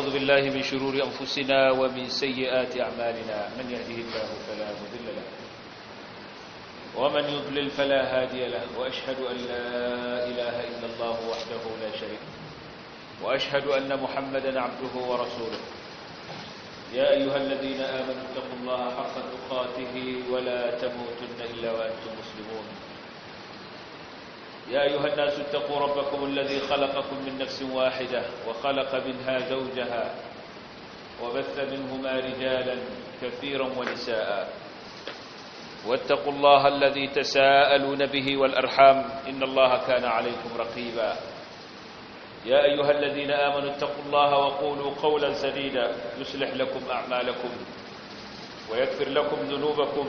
نعوذ بالله من شرور أنفسنا ومن سيئات أعمالنا من يهده الله فلا مذل له ومن يضلل فلا هادي له وأشهد أن لا إله إلا الله وحده لا شريك وأشهد أن محمدا عبده ورسوله يا أيها الذين آمنوا اتقوا الله حق تقاته ولا تموتن إلا وأنتم مسلمون يا أيها الناس اتقوا ربكم الذي خلقكم من نفس واحدة وخلق منها زوجها وبث منهما رجالا كثيرا ونساء واتقوا الله الذي تساءلون به والأرحام إن الله كان عليكم رقيبا يا أيها الذين آمنوا اتقوا الله وقولوا قولا سديدا يصلح لكم أعمالكم ويكفر لكم ذنوبكم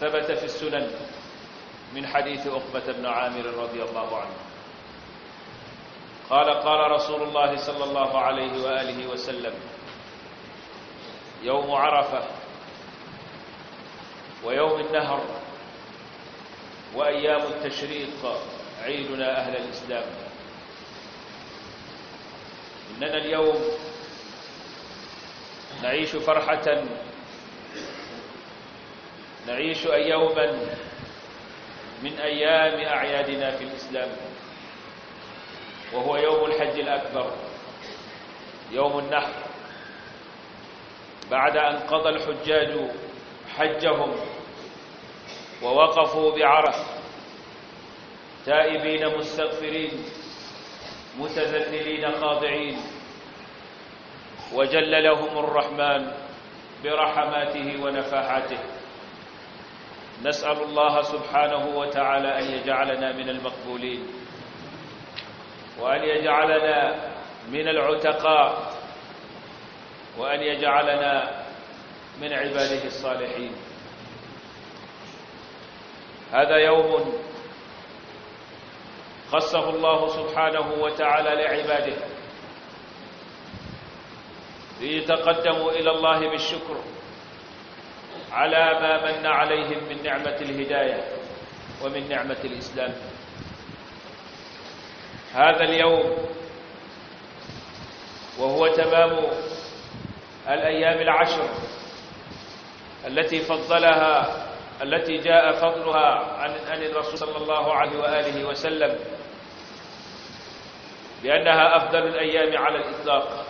ثبت في السنن من حديث عقبة بن عامر رضي الله عنه قال قال رسول الله صلى الله عليه وآله وسلم يوم عرفة ويوم النهر وأيام التشريق عيدنا أهل الإسلام إننا اليوم نعيش فرحة نعيش يوما من أيام أعيادنا في الإسلام وهو يوم الحج الأكبر يوم النحر بعد أن قضى الحجاج حجهم ووقفوا بعرف تائبين مستغفرين متذللين خاضعين وجل لهم الرحمن برحماته ونفحاته نسأل الله سبحانه وتعالى أن يجعلنا من المقبولين وأن يجعلنا من العتقاء وأن يجعلنا من عباده الصالحين هذا يوم خصه الله سبحانه وتعالى لعباده ليتقدموا إلى الله بالشكر على ما من عليهم من نعمة الهداية ومن نعمة الإسلام هذا اليوم وهو تمام الأيام العشر التي فضلها التي جاء فضلها عن أن الرسول صلى الله عليه وآله وسلم بأنها أفضل الأيام على الإطلاق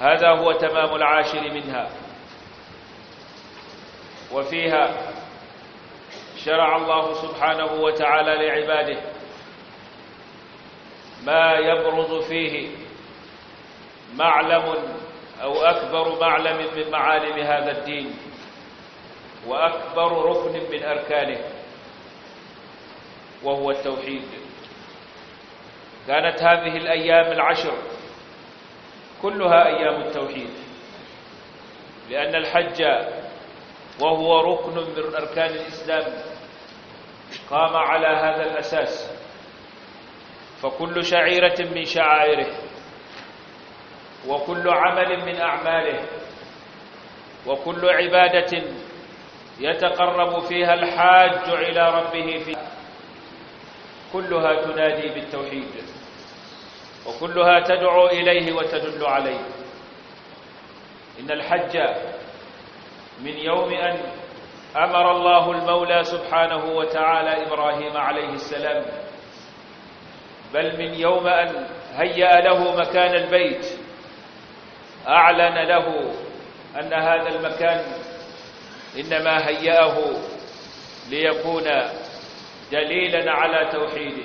هذا هو تمام العاشر منها وفيها شرع الله سبحانه وتعالى لعباده ما يبرز فيه معلم أو أكبر معلم من معالم هذا الدين وأكبر ركن من أركانه وهو التوحيد كانت هذه الأيام العشر كلها أيام التوحيد لأن الحج وهو ركن من أركان الإسلام قام على هذا الأساس فكل شعيرة من شعائره وكل عمل من أعماله وكل عبادة يتقرب فيها الحاج إلى ربه في كلها تنادي بالتوحيد وكلها تدعو إليه وتدل عليه إن الحج من يوم أن أمر الله المولى سبحانه وتعالى إبراهيم عليه السلام بل من يوم أن هيأ له مكان البيت أعلن له أن هذا المكان إنما هيأه ليكون دليلا على توحيده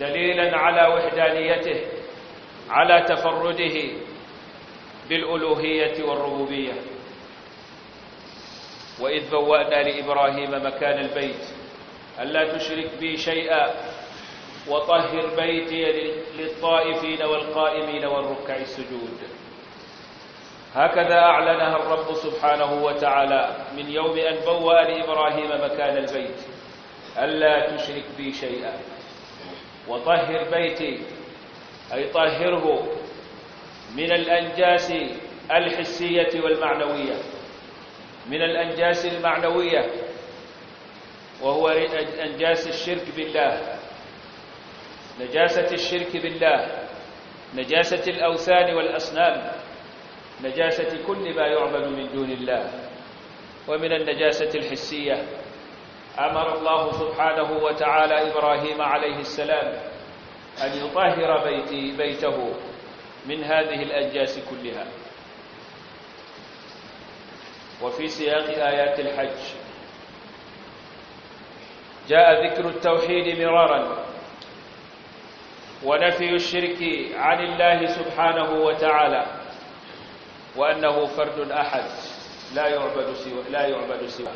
دليلا على وحدانيته على تفرده بالألوهية والربوبية وإذ بوأنا لإبراهيم مكان البيت ألا تشرك بي شيئا وطهر بيتي للطائفين والقائمين والركع السجود هكذا أعلنها الرب سبحانه وتعالى من يوم أن بوأ لإبراهيم مكان البيت ألا تشرك بي شيئا وطهر بيتي أي طهره من الأنجاس الحسية والمعنوية من الأنجاس المعنوية وهو أنجاس الشرك بالله نجاسة الشرك بالله نجاسة الأوثان والأصنام نجاسة كل ما يعبد من دون الله ومن النجاسة الحسية أمر الله سبحانه وتعالى إبراهيم عليه السلام أن يطهر بيتي بيته من هذه الأنجاس كلها وفي سياق آيات الحج جاء ذكر التوحيد مرارا ونفي الشرك عن الله سبحانه وتعالى وأنه فرد أحد لا يعبد سواه لا يعبد سواه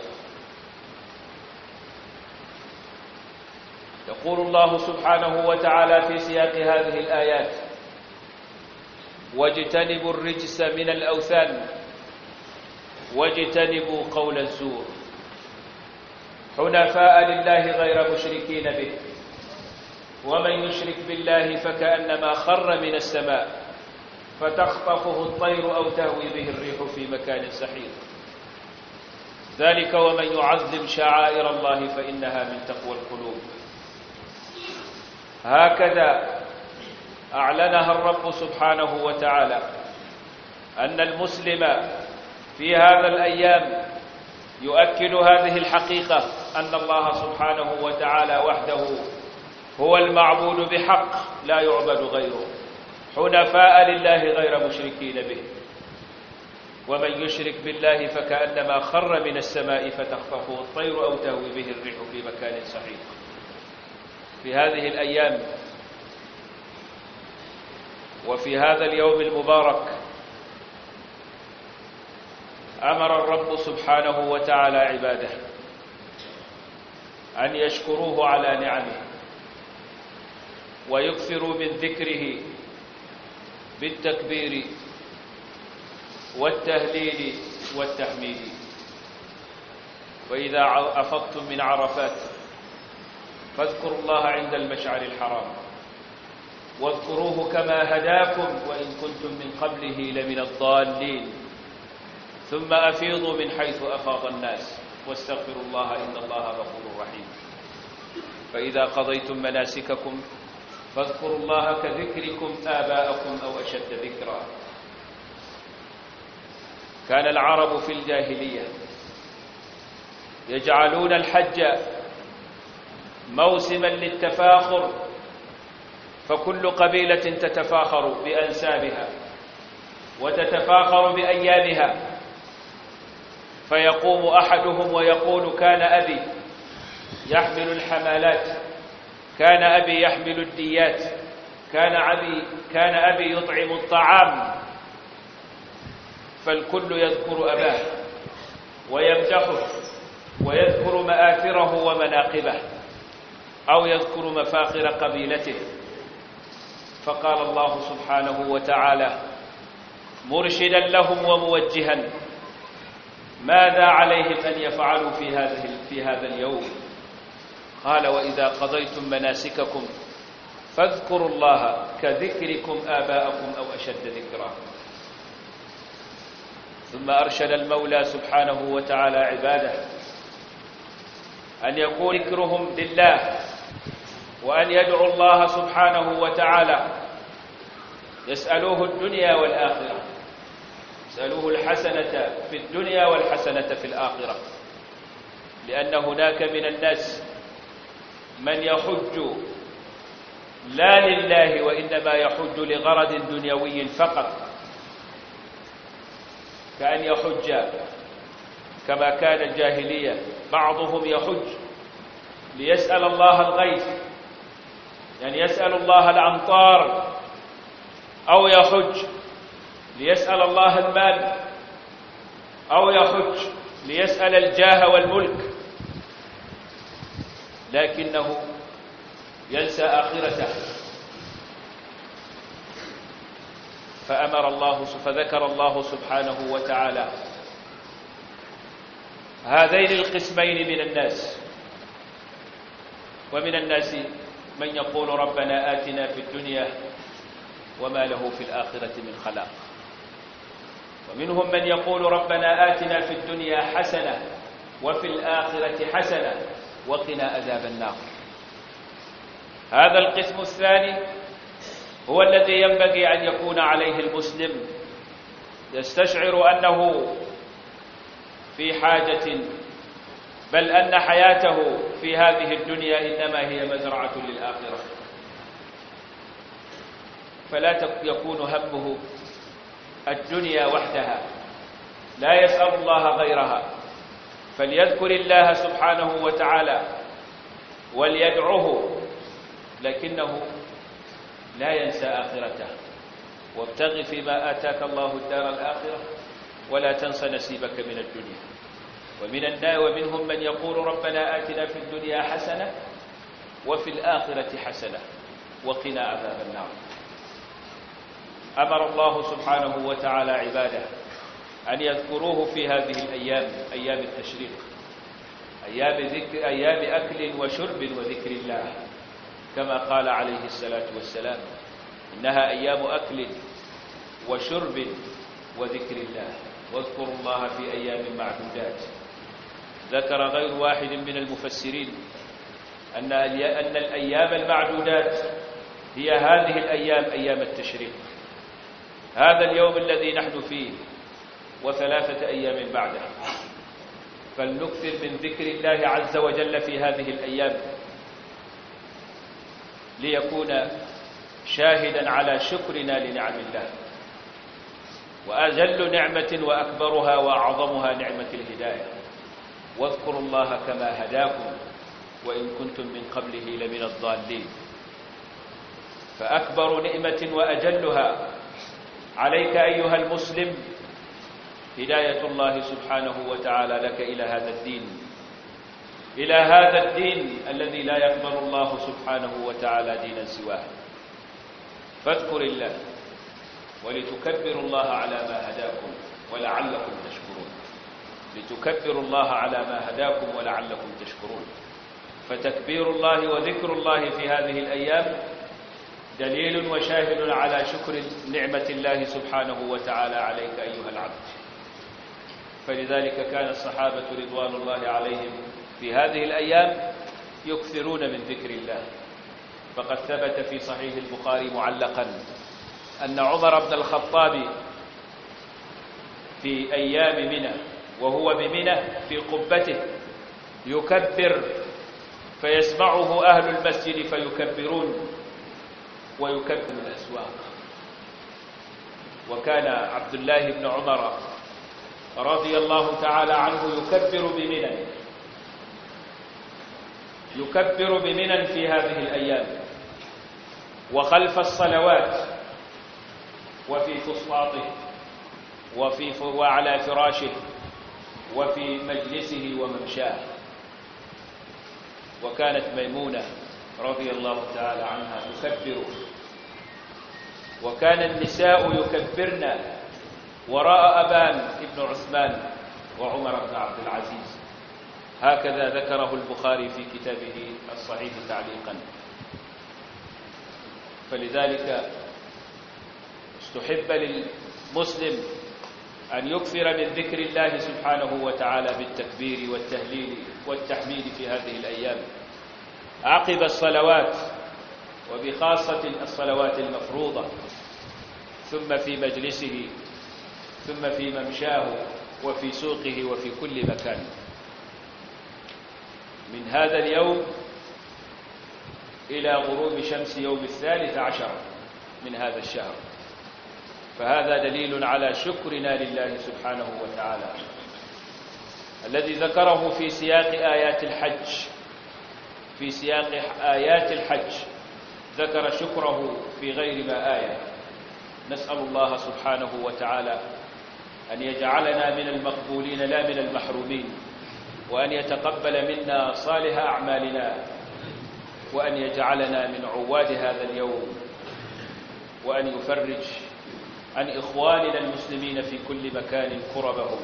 يقول الله سبحانه وتعالى في سياق هذه الآيات واجتنبوا الرجس من الأوثان واجتنبوا قول الزور حنفاء لله غير مشركين به ومن يشرك بالله فكأنما خر من السماء فتخطفه الطير أو تهوي به الريح في مكان سحيق ذلك ومن يعظم شعائر الله فإنها من تقوى القلوب هكذا أعلنها الرب سبحانه وتعالى أن المسلم في هذا الأيام يؤكد هذه الحقيقة أن الله سبحانه وتعالى وحده هو المعبود بحق لا يعبد غيره حنفاء لله غير مشركين به ومن يشرك بالله فكأنما خر من السماء فتخطفه الطير أو تهوي به الريح في مكان سحيق في هذه الأيام وفي هذا اليوم المبارك أمر الرب سبحانه وتعالى عباده أن يشكروه على نعمه ويكثروا من ذكره بالتكبير والتهليل والتحميد وإذا أفضتم من عرفات فاذكروا الله عند المشعر الحرام واذكروه كما هداكم وإن كنتم من قبله لمن الضالين ثم أفيضوا من حيث أفاض الناس واستغفروا الله إن الله غفور رحيم فإذا قضيتم مناسككم فاذكروا الله كذكركم آباءكم أو أشد ذكرا كان العرب في الجاهلية يجعلون الحج موسما للتفاخر فكل قبيلة تتفاخر بأنسابها وتتفاخر بأيامها فيقوم أحدهم ويقول كان أبي يحمل الحمالات كان أبي يحمل الديات كان أبي, كان أبي يطعم الطعام فالكل يذكر أباه ويمدحه ويذكر مآثره ومناقبه أو يذكر مفاخر قبيلته فقال الله سبحانه وتعالى مرشدا لهم وموجها ماذا عليهم أن يفعلوا في هذه في هذا اليوم قال وإذا قضيتم مناسككم فاذكروا الله كذكركم آباءكم أو أشد ذكرا ثم أرشد المولى سبحانه وتعالى عباده أن يكون ذكرهم لله وأن يدعو الله سبحانه وتعالى يسألوه الدنيا والآخرة اسألوه الحسنة في الدنيا والحسنة في الآخرة لأن هناك من الناس من يحج لا لله وإنما يحج لغرض دنيوي فقط كأن يحج كما كان الجاهلية بعضهم يحج ليسأل الله الغيث يعني يسأل الله الأمطار أو يحج ليسأل الله المال أو يخج ليسأل الجاه والملك لكنه ينسى آخرته فأمر الله فذكر الله سبحانه وتعالى هذين القسمين من الناس ومن الناس من يقول ربنا آتنا في الدنيا وما له في الآخرة من خلاق ومنهم من يقول ربنا آتنا في الدنيا حسنة وفي الآخرة حسنة وقنا عذاب النار هذا القسم الثاني هو الذي ينبغي أن يكون عليه المسلم يستشعر أنه في حاجة بل أن حياته في هذه الدنيا إنما هي مزرعة للآخرة فلا يكون همه الدنيا وحدها لا يسأل الله غيرها فليذكر الله سبحانه وتعالى وليدعوه لكنه لا ينسى آخرته وابتغ فيما آتاك الله الدار الآخرة ولا تنس نسيبك من الدنيا ومن الناس ومنهم من يقول ربنا آتنا في الدنيا حسنة وفي الآخرة حسنة وقنا عذاب النار أمر الله سبحانه وتعالى عباده أن يذكروه في هذه الأيام أيام التشريق أيام, ذكر أيام أكل وشرب وذكر الله كما قال عليه الصلاة والسلام إنها أيام أكل وشرب وذكر الله واذكروا الله في أيام معدودات ذكر غير واحد من المفسرين أن الأيام المعدودات هي هذه الأيام أيام التشريق هذا اليوم الذي نحن فيه وثلاثة أيام بعدها فلنكثر من ذكر الله عز وجل في هذه الأيام ليكون شاهدا على شكرنا لنعم الله وأجل نعمة وأكبرها وأعظمها نعمة الهداية واذكروا الله كما هداكم وإن كنتم من قبله لمن الضالين فأكبر نعمة وأجلها عليك أيها المسلم هداية الله سبحانه وتعالى لك إلى هذا الدين إلى هذا الدين الذي لا يقبل الله سبحانه وتعالى دينا سواه فاذكر الله ولتكبروا الله على ما هداكم ولعلكم تشكرون لتكبروا الله على ما هداكم ولعلكم تشكرون فتكبير الله وذكر الله في هذه الأيام دليل وشاهد على شكر نعمة الله سبحانه وتعالى عليك أيها العبد فلذلك كان الصحابة رضوان الله عليهم في هذه الأيام يكثرون من ذكر الله فقد ثبت في صحيح البخاري معلقا أن عمر بن الخطاب في أيام منى وهو بمنى في قبته يكبر فيسمعه أهل المسجد فيكبرون ويكبر الأسواق وكان عبد الله بن عمر رضي الله تعالى عنه يكبر بمنن يكبر بمنن في هذه الأيام وخلف الصلوات وفي فسطاطه وفي وعلى فراشه وفي مجلسه وممشاه وكانت ميمونة رضي الله تعالى عنها تكبر وكان النساء يكبرن وراء أبان ابن عثمان وعمر بن عبد العزيز هكذا ذكره البخاري في كتابه الصحيح تعليقا فلذلك استحب للمسلم أن يكفر من ذكر الله سبحانه وتعالى بالتكبير والتهليل والتحميد في هذه الأيام عقب الصلوات وبخاصة الصلوات المفروضة ثم في مجلسه ثم في ممشاه وفي سوقه وفي كل مكان من هذا اليوم إلى غروب شمس يوم الثالث عشر من هذا الشهر فهذا دليل على شكرنا لله سبحانه وتعالى الذي ذكره في سياق آيات الحج في سياق آيات الحج ذكر شكره في غير ما آية نسأل الله سبحانه وتعالى أن يجعلنا من المقبولين لا من المحرومين وأن يتقبل منا صالح أعمالنا وأن يجعلنا من عواد هذا اليوم وأن يفرج عن إخواننا المسلمين في كل مكان كربهم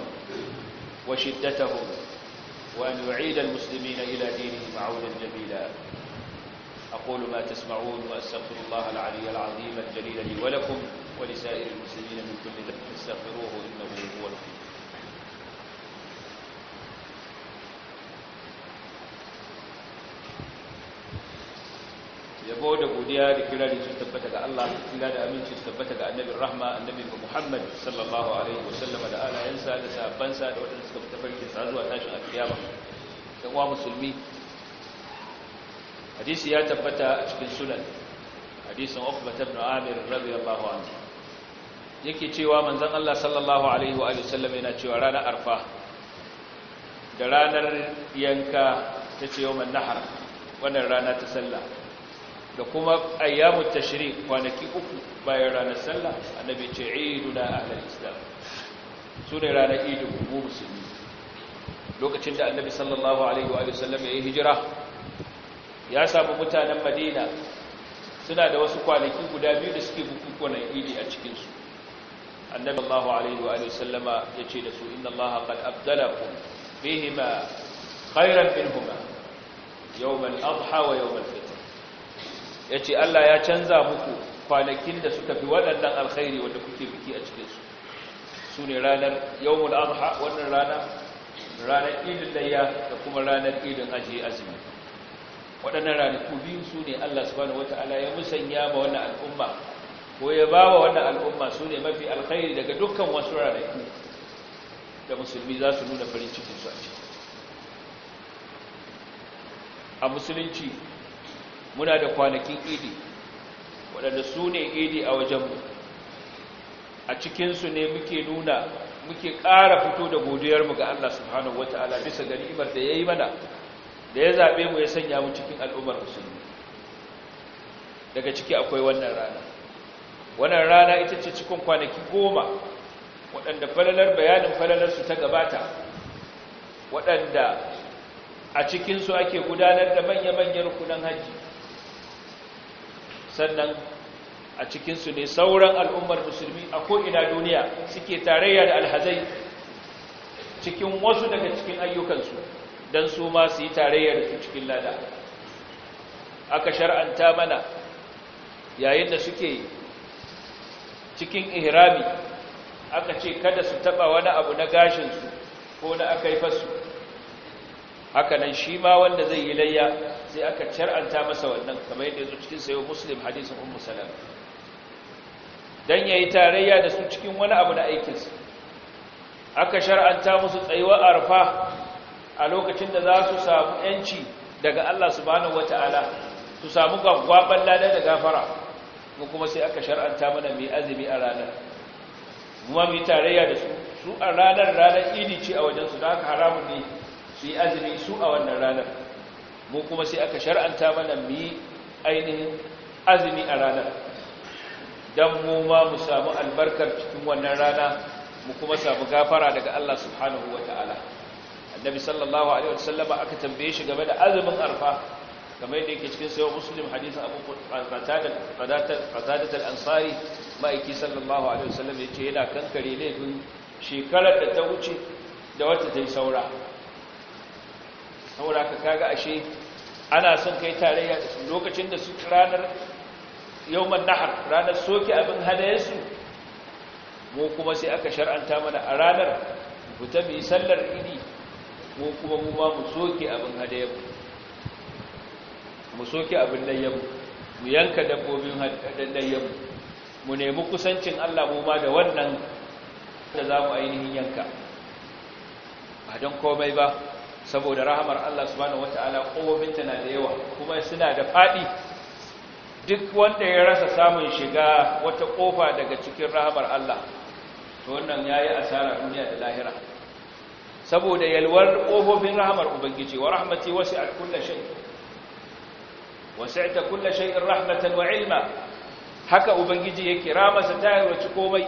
وشدتهم وأن يعيد المسلمين إلى دينهم عودا جميلا أقول ما تسمعون وأستغفر الله العلي العظيم الجليل لي ولكم ولسائر المسلمين من كل ذنب فاستغفروه إنه هو الغفور yabo da godiya da kirari su tabbata ga Allah kira da aminci su tabbata ga annabin rahma annabin Muhammad sallallahu alaihi wasallam da alayansa da sahabbansa da wadanda suka tafarki sa zuwa tashin alkiyama da wa musulmi hadisi ya tabbata a cikin sunan hadisin Uqbah ibn Amir radiyallahu anhu yake cewa manzon Allah sallallahu alaihi wa sallam yana cewa ranar Arfa da ranar yanka ta ce yawman nahar wannan rana ta sallah da kuma ayyamut tashrik kwanaki uku bayan ranar sallah annabi ce iduna ahlul islam ne ranar idin mu musulmi lokacin da annabi sallallahu alaihi wa sallam ya yi hijira ya samu mutanen madina suna da wasu kwanaki guda biyu da suke bukukunan idi a cikinsu annabi allahu alaihi wa sallama ya ce da su inna allaha qad abdalakum bihima khairan minhuma yawmal adha wa fita. Ya ce allah ya canza muku kwanakin da suka fi waɗannan alkhairi wanda kuke biki a cikinsu su ne ranar yau yawmul adha wannan rana ranar idin layya da kuma ranar idin ajiye azumi waɗannan ranaku biyu su ne Allah subhanahu wata'ala ya musanya ma wannan al'umma ko ya ba wa wannan al'umma su ne mafi alkhairi daga dukkan wasu ranaku da musulmi za su nuna farin cikin su a ciki a musulunci muna da kwanakin idi waɗanda su ne idi a wajenmu a cikinsu ne muke nuna muke ƙara fito da godiyarmu ga Allah subhanahu wa ta'ala bisa ga ni'imar da ya yi mana da ya zaɓe mu ya sanya mu cikin al'ummar musulmi daga ciki akwai wannan rana wannan rana ita ce cikin kwanaki goma waɗanda falalar bayanin su ta gabata waɗanda a cikinsu ake gudanar da manya-manyan rukunan hajji sannan a cikinsu ne sauran al'ummar musulmi a ko'ina duniya suke tarayya da alhazai cikin wasu daga cikin ayyukansu don su ma su yi tarayya da su cikin lada aka shar'anta mana yayin da suke cikin ihrami aka ce kada su taba wani abu na gashinsu ko na akaifarsu haka nan shi ma wanda zai yi layya sai aka shar'anta masa wannan kamar yadda yanzu cikin sayo muslim hadisin ummu salama don ya yi tarayya da su cikin wani abu na aikinsu aka shar'anta musu tsayuwa arfa a lokacin da za su samu yanci daga Allah subhanahu ta'ala, su samu gwaggwaban lada da gafara mu kuma sai aka shar'anta mana mai azumi a ranar kuma mu yi tarayya da su su a ranar ranar idi ce a wajen su da aka haramun ne su yi azumi su a wannan ranar mu kuma sai aka shar'anta mana mu ainihin azumi a ranar don mu ma mu samu albarkar cikin wannan rana mu kuma samu gafara daga Allah subhanahu wa ta'ala annabi sallallahu alaihi wasallama aka tambaye shi game da azumin arfa kamar yadda yake cikin sayo muslim hadisin abu qatadat al-ansari ma'aiki sallallahu alaihi wasallam yace yana kankare laifin shekarar da ta wuce da wata ta yi saura saura ka kaga ashe ana son kai tarayya lokacin da su ranar yawman nahar ranar soke abin hadayensu mu kuma sai aka shar'anta mana a ranar mu ta bi sallar idi ko kuma mu ba mu soke abin hadayar mu soke abin layyar mu yanka dabbobin mu nemi kusancin Allah mu ma da wannan da za mu ainihin yanka ba don komai ba saboda rahamar Allah subhanahu wata'ala kowaminta na da yawa kuma suna da faɗi duk wanda ya rasa samun shiga wata ƙofa daga cikin rahamar Allah to wannan ya yi asara duniya da lahira saboda yalwar ƙofofin rahamar ubangiji wa rahmati wasi'at kulli shay wasi'ta kulli shay'in rahmatan wa ilma haka ubangiji yake ramarsa ta yarwaci komai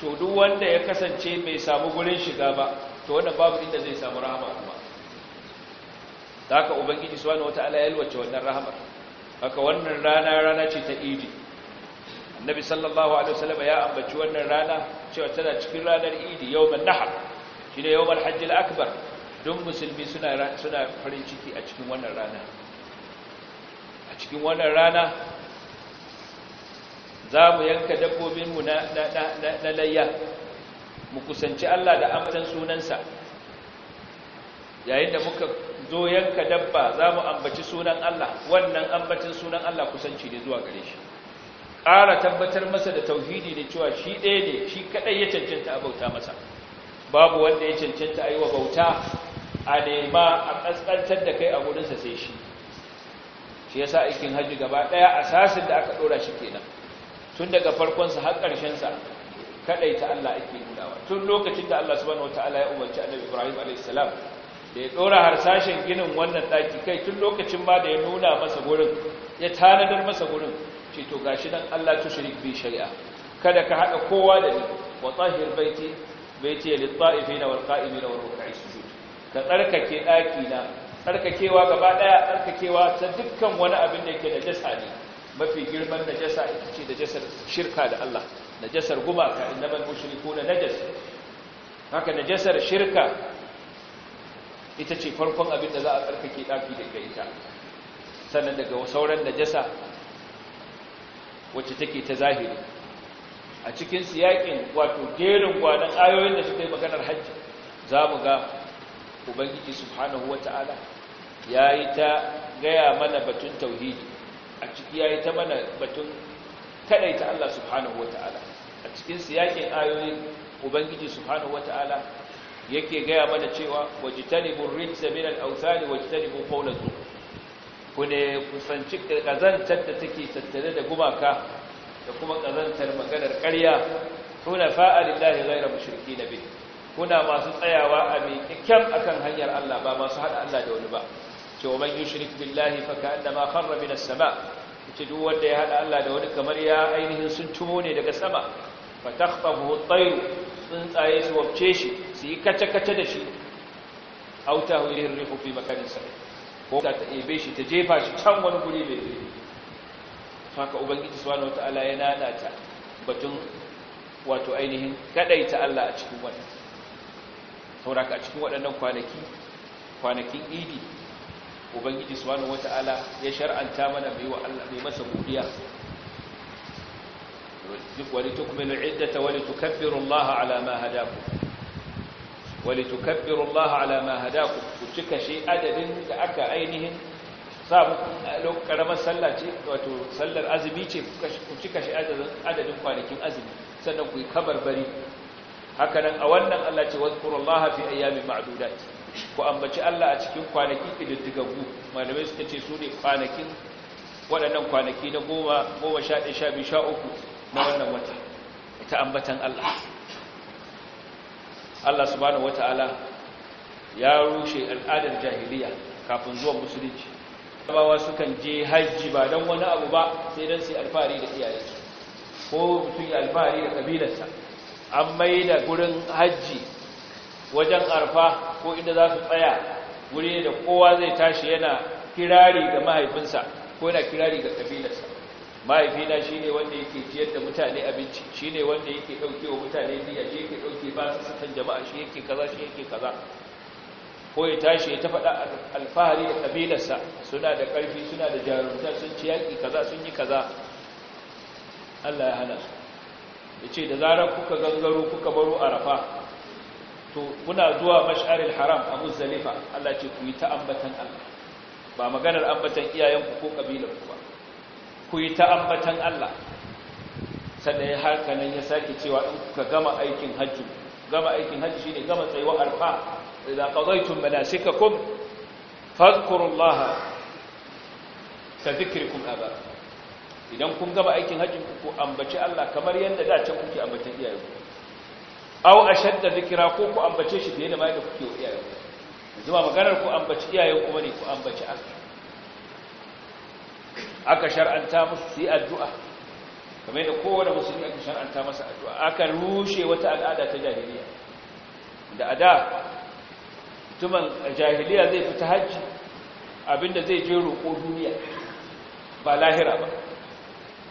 to duk wanda ya kasance bai samu gurin shiga ba to wanda babu inda zai samu rahama kuma haka ubangiji subhanahu wataala ya yalwace wannan rahamar haka wannan rana rana ce ta idi annabi sallallahu alaihi wasallam ya ambaci wannan rana cewa tana cikin ranar idi yawmin nahar shi ne yawon hajjil akbar don musulmi suna farin ciki a cikin wannan rana a cikin wannan rana za mu yanka dabbobinmu na layya mu kusanci Allah da amsan sunansa yayin da muka zo yanka dabba za mu ambaci sunan Allah wannan ambacin sunan Allah kusanci ne zuwa gare shi ƙara tabbatar masa da tauhidi da cewa shi ɗaya ne shi kaɗai ya cancanta abauta masa babu wanda ya cancanta a yi wa bauta a nema a ƙasƙantar da kai a gudunsa sai shi shi sa aikin hajji gaba ɗaya a sasin da aka ɗora shi kenan tun daga farkonsa har ƙarshensa kaɗai ta Allah ake gudawa tun lokacin da Allah subhanahu wataala ya umarci annabi Ibrahim a.s. da ya ɗora harsashen ginin wannan ɗaki kai tun lokacin ma da ya nuna masa gurin ya tanadar masa gurin ce to gashi nan Allah tushrik bi shari'a kada ka haɗa kowa da ni wa tahir baiti bai ce lit-ta'ifina wal-qa'imina war su sujud ka tsarkake daki na tsarkakewa gaba daya tsarkakewa ta dukkan wani abin da yake najasa ne mafi girman najasa ita ce najasar shirka da Allah najasar gumaka ko na najas haka najasar shirka ita ce farkon abin da za a tsarkake daki daga ita sannan daga sauran najasa wacce take ta zahiri a cikin siyakin wato gerin gwanan ayoyin da suka yi maganar hajji za mu ga ubangiji subhanahu wa ta'ala, ya yi ta gaya mana batun tauhidi a ciki ya yi ta mana batun kadaita Allah subhanahu wa ta'ala. a cikin siyakin ayoyin ubangiji subhanahu wa ta'ala yake gaya mana cewa wajitani burrin min al-awthani wajtanibu qawla ku ne kusanci ƙazantar da take tattare da gumaka da kuma ƙazantar maganar ƙarya kuna zaira ghayra na nabi kuna masu tsayawa a miƙaƙƙen akan hanyar Allah ba masu haɗa Allah da wani ba ce wa man yushrik billahi fa ka'annama kharra minas sama duk wanda ya haɗa Allah da wani kamar ya ainihin sun tumo ne daga sama fa takhtafuhu tsuntsaye su wabce shi su yi kace-kace da shi Auta ilayhi ar-rihu ko ta ebe shi ta jefa shi can wani guri mai haka ubangiji subhanahu wataala ya nada ta batun wato ainihin kadaita Allah a cikin sauraka a cikin waɗannan kwanaki kwanakin idi ubangiji subhanahu wataala ya shar'anta mana bai wa Allah bai masa wani ولتكملوا العدة alama hadaku, wani ما هداكم alama hadaku, ku ما هداكم adadin da aka ainihin. sa karamar sallah ce wato sallar azumi ce ku cika shi adadin kwanakin azumi sannan ku yi kabar bari hakanan a wannan Allah ce lahafi fi ayyami ma'dudat ku ambaci Allah a cikin kwanaki kididdigaggu malamai suka ce su ne kwanakin waɗannan kwanaki na goma goma sha ɗaya sha biyu sha uku na wannan wata ta ambatan Allah Allah subhanahu wataala ya rushe al'adar jahiliya kafin zuwan musulunci bawa sukan je hajji ba don wani abu ba sai don sai alfahari da iyayensu ko mutum ya alfahari da kabilarsa an mai da gurin hajji wajen arfa ko inda za su tsaya wuri da kowa zai tashi yana kirari ga mahaifinsa ko yana kirari ga kabilarsa mahaifina shi ne wanda yake ciyar da mutane abinci shi ne wanda yake ɗauke wa mutane biya shi yake ɗauke ba su sukan jama'a shi yake kaza shi yake kaza ko ya tashi ya tafaɗa faɗa alfahari da ƙabilarsa suna da ƙarfi suna da jarumta sun ci yaƙi kaza sun yi kaza Allah ya hana su ya ce da zarar kuka gangaro kuka baro arafa to kuna zuwa mash'aril haram a muzdalifa Allah ce ku yi ta ambatan Allah ba maganar ambatan iyayenku ko ƙabilarku ba ku yi ta ambatan Allah sannan ya nan ya sake cewa in kuka gama aikin hajji gama aikin hajji shine gama tsayuwa arfa إذا قضيتم مناسككم فاذكروا ka dhikrikum أبا idan kun gaba aikin hajjin ku ambaci Allah kamar yadda da can kuke ambatan iyayenku aw ashadda dhikra ko ku ambace shi fiye da ma da kuke iyayenku maganar ku ambaci iyayenku bane ku ambaci Allah aka shar'anta musu yi addu'a kamar yadda kowane musulmi aka shar'anta masa addu'a aka rushe wata al'ada ta jahiliya da ada tuman jahiliya zai fita hajji abinda zai je roƙo duniya ba lahira ba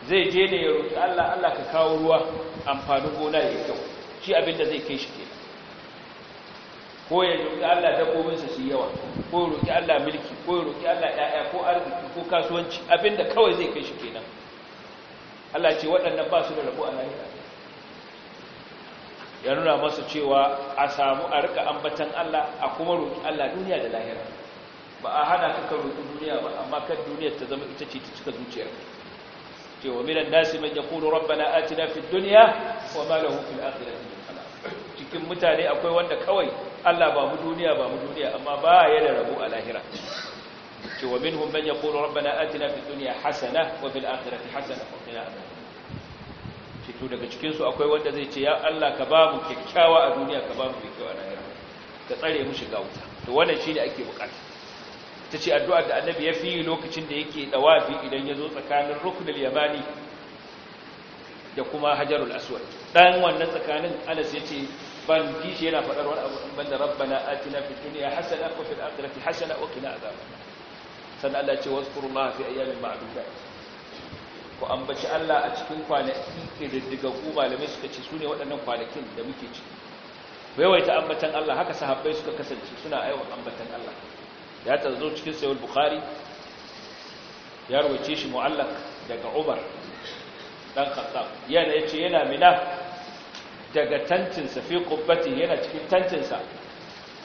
zai je da ya roƙi Allah Allah ka kawo ruwa amfanin gona ya kyau shi abinda zai kai shi ke ko ya roƙi Allah dabbobinsa su yawa ko ya roƙi Allah mulki ko ya roƙi Allah ƴaƴa ko arziki ko kasuwanci abinda kawai zai kai shi kenan Allah ce waɗannan ba su da rabo a lahira ya nuna masa cewa a samu a rika ambatan Allah a kuma roƙi Allah duniya da lahira ba a hana ka ka roƙi duniya ba amma kan duniyar ta zama ita ce ta cika zuciyar cewa minan nasi man yaqulu rabbana atina fi duniya wa ma lahu fil akhirati min kala. cikin mutane akwai wanda kawai Allah ba mu duniya ba mu duniya amma ba ya da rabu a lahira cewa minhum man yaqulu rabbana tina fi duniya hasana wa fil akhirati hasana wa a adhaban fito daga cikinsu akwai wanda zai ce ya Allah ka ba mu kyakkyawa a duniya ka ba mu kyakkyawa a yara ka tsare mu shiga wuta to wannan shi ne ake bukata ta ce addu'ar da annabi ya fi lokacin da yake dawafi idan ya zo tsakanin rukunul yamani da kuma hajarul aswad dan wannan tsakanin anas ya ce ban kishi yana fadar wani abu ban da rabbana atina fid dunya hasana wa fil akhirati hasana wa qina adhaban sannan Allah ya ce wazkurullaha fi ayyamin ma'dudat ku ambaci Allah a cikin kwanaki ƙididdigaggu malamai suka ce su ne waɗannan kwanakin da muke ciki ku yawaita ambatan Allah haka sahabbai suka kasance suna aiwa ambatan Allah ya tazo cikin sayar bukhari ya rubuce shi mu'allak daga umar ɗan khattab yana yace yana mina daga tantinsa fi qubbati yana cikin tantinsa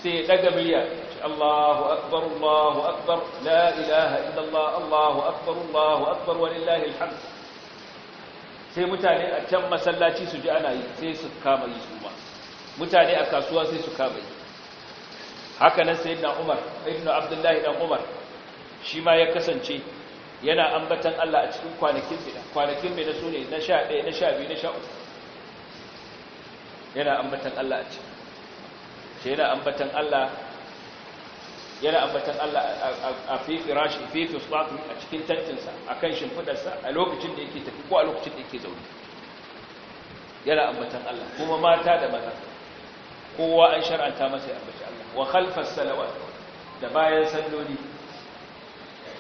sai ya ɗaga miliyar الله أكبر الله أكبر لا إله إلا الله الله أكبر الله أكبر ولله الحمد sai mutane a can masallaci su ji ana yi sai su kama yi su mutane a kasuwa sai su kama yi haka nan sayyidina Umar ibn Abdullahi ibn Umar shi ma ya kasance yana ambatan Allah a cikin kwanakin bida kwanakin bida sune na 11 na 12 na 13 yana ambatan Allah a cikin shi yana ambatan Allah yana ambatan Allah a fi firashi fi tusbatu a cikin a kan shimfidarsa a lokacin da yake tafi ko a lokacin da yake zaune yana ambatan Allah kuma mata da maza kowa an shar'anta masa ya ambaci Allah wa khalfas salawat da bayan salloli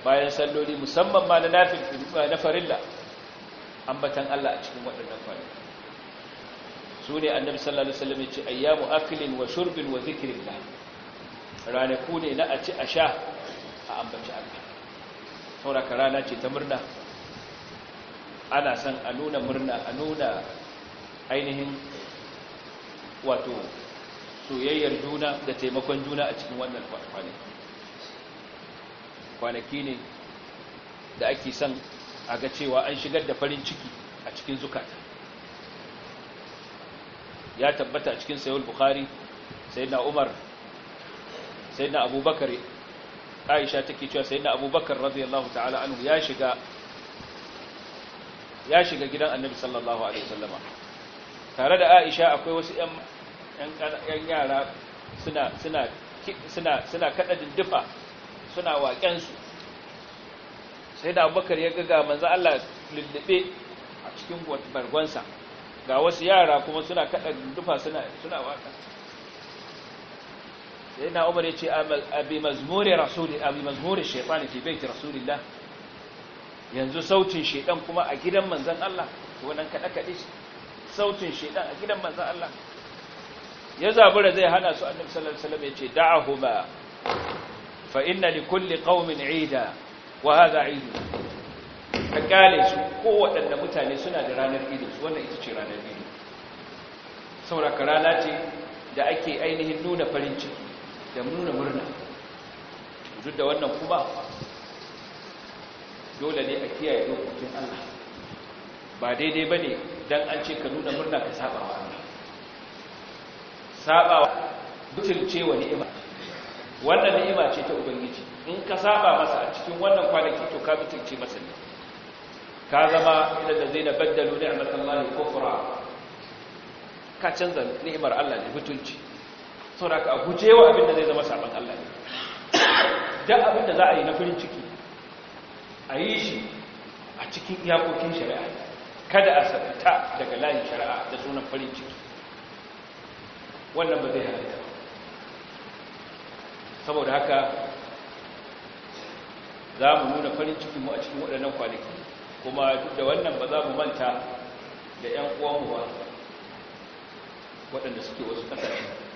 bayan salloli musamman ma na nafil na farilla ambatan Allah a cikin waɗannan kwanaki su ne annabi sallallahu alaihi wasallam ya ce ayyamu aklin wa shurbin wa zikrillah ranaku ne na a ci a sha a ambaci Allah sauraka rana ce ta murna ana san a nuna murna a nuna ainihin wato soyayyar juna da taimakon juna a cikin wannan kwanaki kwanaki ne da ake son a ga cewa an shigar da farin ciki a cikin zukata ya tabbata cikin sayul bukhari sai na umar sayyidina abubakar aisha take cewa sayyidina abubakar radiyallahu ta'ala anhu ya shiga ya shiga gidan annabi sallallahu alaihi wasallama tare da aisha akwai wasu yan yan yara suna suna suna suna kada dindifa suna waken su sai da abubakar ya ga ga manzo Allah lullube a cikin gwargwansa ga wasu yara kuma suna kada dindifa suna suna waka sai na umar ya ce abi mazmuri rasuli abi mazmuri shaytan fi baiti rasulillah yanzu sautin shaytan kuma a gidan manzon Allah to wannan kada kade sautin shaytan a gidan manzon Allah ya zabura zai hana su annabi sallallahu alaihi wasallam ya ce da'ahuma fa inna li kulli qaumin 'ida wa hadha 'idu ka kale su kowaɗanne mutane suna da ranar wannan ita ce ranar idin saboda rana ce da ake ainihin nuna farin ciki da nuna murna duk da wannan kuma dole ne a kiyaye dokokin Allah ba daidai ba ne don an ce ka nuna murna ka saba wa Allah saba wa ce wa ni'ima wannan ni'ima ce ta ubangiji in ka saba masa a cikin wannan kwanaki to ka butulce masa ne ka zama idan da zai na baddalu ni'imatallahi kufra ka canza ni'imar Allah ne mutunci. saboda ka guje wa abin da zai zama sabon Allah ne duk abin da za a yi na farin ciki a yi shi a cikin iyakokin shari'a kada a sakata daga layin shari'a da sunan farin ciki wannan ba zai halitta saboda haka za mu nuna farin cikin mu a cikin waɗannan kwanaki kuma duk da wannan ba za mu manta da 'yan uwanmu ba waɗanda suke wasu ƙasashe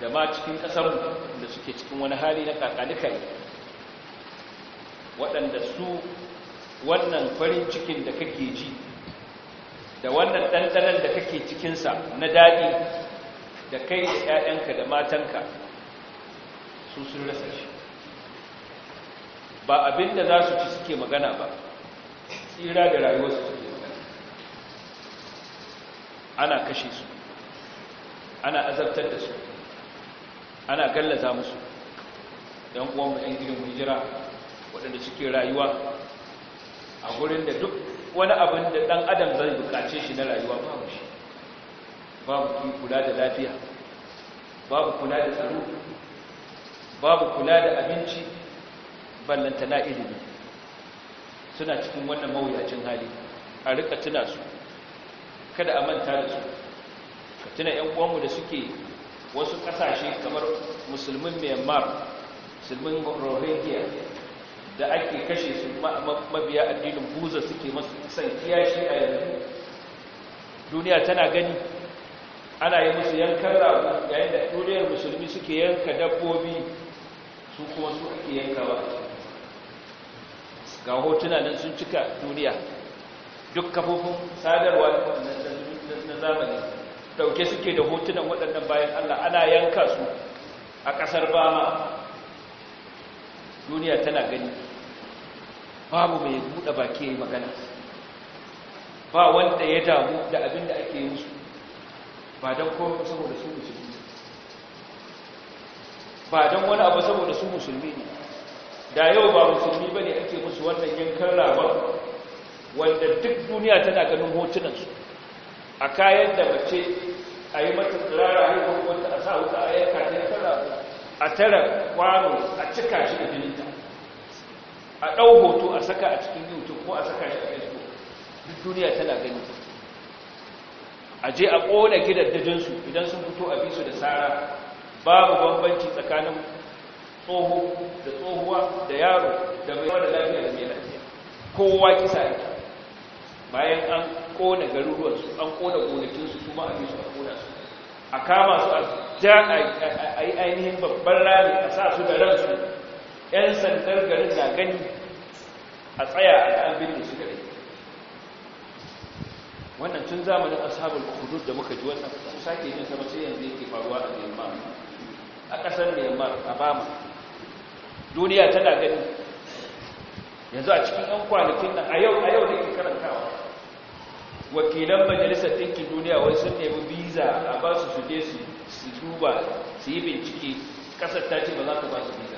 da ma cikin ƙasarmu da suke cikin wani hali na kakanikai waɗanda su wannan farin cikin da kake ji da wannan ɗanɗanan da kake cikinsa na daɗi da kai da ‘ya'yanka da matanka su sun rasa shi ba abin da za su ci suke magana ba tsira da su suke magana ana kashe su ana azabtar da su ana gallaza musu yan uwanmu yan gidan hijira waɗanda suke rayuwa a gurin da duk wani abin da ɗan adam zai bukace shi na rayuwa babu shi babu kula da lafiya babu kula da tsaro babu kula da abinci na ilimi suna cikin wannan mawuyacin hali a rika tuna su kada a manta da su ka tuna 'yan uwanmu da suke wasu kasashe kamar musulmin myanmar musulmin rohingya da ake kashe su mabiya addinin buza suke masu san kiyashi a yanzu duniya tana gani ana yi musu yankan rabu yayin da duniyar musulmi suke yanka dabbobi su kuma su ake ba. ga hotuna nan sun cika duniya duk kafofin sadarwa na zamani dauke suke da hotunan waɗannan bayan Allah ana yanka su a ƙasar bama duniya tana gani babu mai buɗe baki ya yi magana ba wanda ya damu da abin da ake yi su ba don kowa saboda su musulmi ba don wani abu saboda su musulmi ne da yau ba musulmi ba ne ake musu wannan yankan labar wanda duk duniya tana ganin hotunansu a kayan da mace a yi mata turara yi wata a sa wuta a yaka ta tara a tara kwano a cika shi da jininta a ɗau hoto a saka a cikin youtube ko a saka shi a facebook duk duniya tana gani a je a ƙona gidaddajinsu idan sun fito a bisu da tsara babu bambanci tsakanin tsoho da tsohuwa da yaro da mai yawa da lafiya da mai lafiya kowa kisa yake bayan an kona garuruwansu an kona gonakinsu kuma a bisu a kona su a kama su a yi ainihin babban rami a sa su da ransu 'yan sandar garin na gani a tsaya a an binne su gare wannan tun zamanin asabar hudud da muka ji wannan su sake yin sama sai yanzu yake faruwa a Myanmar a kasar Myanmar a Bama duniya tana gani yanzu a cikin 'yan kwanakin nan a yau a yau ke karantawa wakilan majalisar ɗinkin duniya wani sun nemi biza a ba su su je su duba su yi bincike ƙasar ta ce ba za ta ba su visa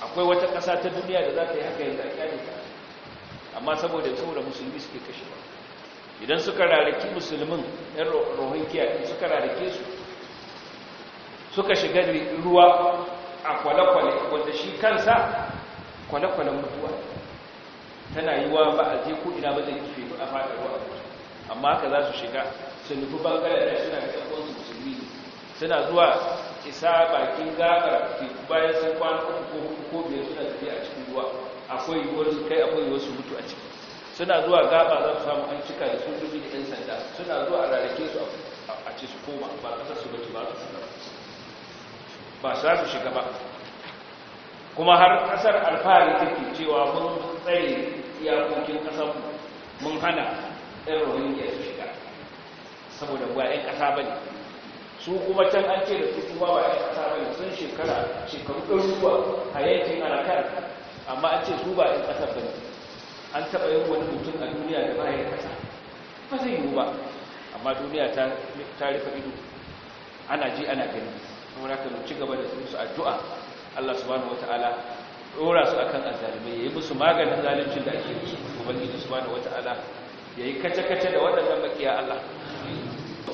akwai wata ƙasa ta duniya da za ta yi haka yanzu a kyale amma saboda saboda musulmi suke kashe ba idan suka rarraki musulmin ɗan rohinkiya suka rarrake su suka shiga ruwa a kwale-kwale wanda shi kansa kwale-kwalen mutuwa tana wa ba a je ko ina ba zai kife ba a fada ruwa amma haka za su shiga su nufi bangare da suna da ɗan su musulmi suna zuwa isa bakin gaɓar teku bayan sun kwana uku ko hudu ko biyar suna tafi a cikin ruwa akwai wani su kai akwai yi wasu mutu a ciki suna zuwa gaɓa za su samu an cika da sojoji da 'yan sanda suna zuwa a rarrake su a ci su koma ba ƙasa su bace ba su ba su za su shiga ba kuma har ƙasar alfahari take cewa mun tsaye iyakokin ƙasarku mun hana ɗan rohingya su shiga saboda ba ƙasa ba ne su kuma can an ce da su kuma ba 'yan ƙasa ba ne sun shekara shekaru ruwa a yankin alakar amma an ce su ba 'yan ƙasa ba ne an taɓa yin wani mutum a duniya da ba ƙasa ba zai yiwu ba amma duniya ta rufe ido ana ji ana gani saboda ka ci gaba da su addu'a Allah subhanahu ta'ala dora su akan azalimai yayi musu maganin zalincin da ake musu ubangiji subhanahu wataala yayi kace-kace da waɗannan makiya Allah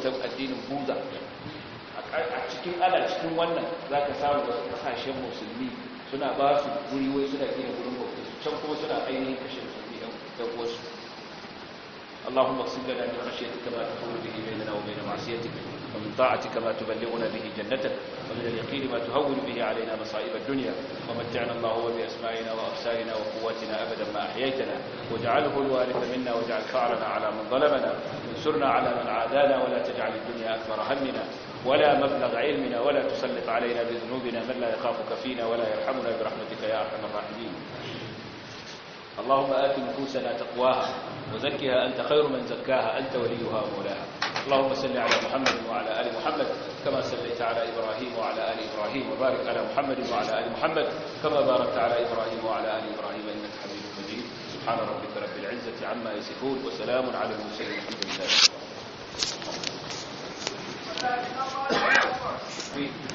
ta addinin buza a cikin ana cikin wannan zaka samu wasu kasashen musulmi suna ba su guri wai suna gina gurin bauta su can kuma suna ainihin kashe musulmi ɗan uwansu اللهم اغفر لنا من خشيتك ما تحول da masu yadda معصيتك ومن طاعتك ما تبلغنا به جنتك ومن اليقين ما تهون به علينا مصائب الدنيا ومتعنا الله بأسمائنا وأبصارنا وقواتنا أبدا ما أحييتنا واجعله الوارث منا واجعل فعلنا على من ظلمنا وانصرنا على من عادانا ولا تجعل الدنيا أكبر همنا ولا مبلغ علمنا ولا تسلط علينا بذنوبنا من لا يخافك فينا ولا يرحمنا برحمتك يا أرحم الراحمين اللهم آت نفوسنا تقواها وزكها أنت خير من زكاها أنت وليها ومولاها اللهم صل على محمد وعلى آل محمد كما صليت على إبراهيم وعلى آل إبراهيم وبارك على محمد وعلى آل محمد كما باركت على إبراهيم وعلى آل إبراهيم إنك حميد مجيد سبحان ربك رب العزة عما يصفون وسلام على المرسلين الحمد لله Thank you.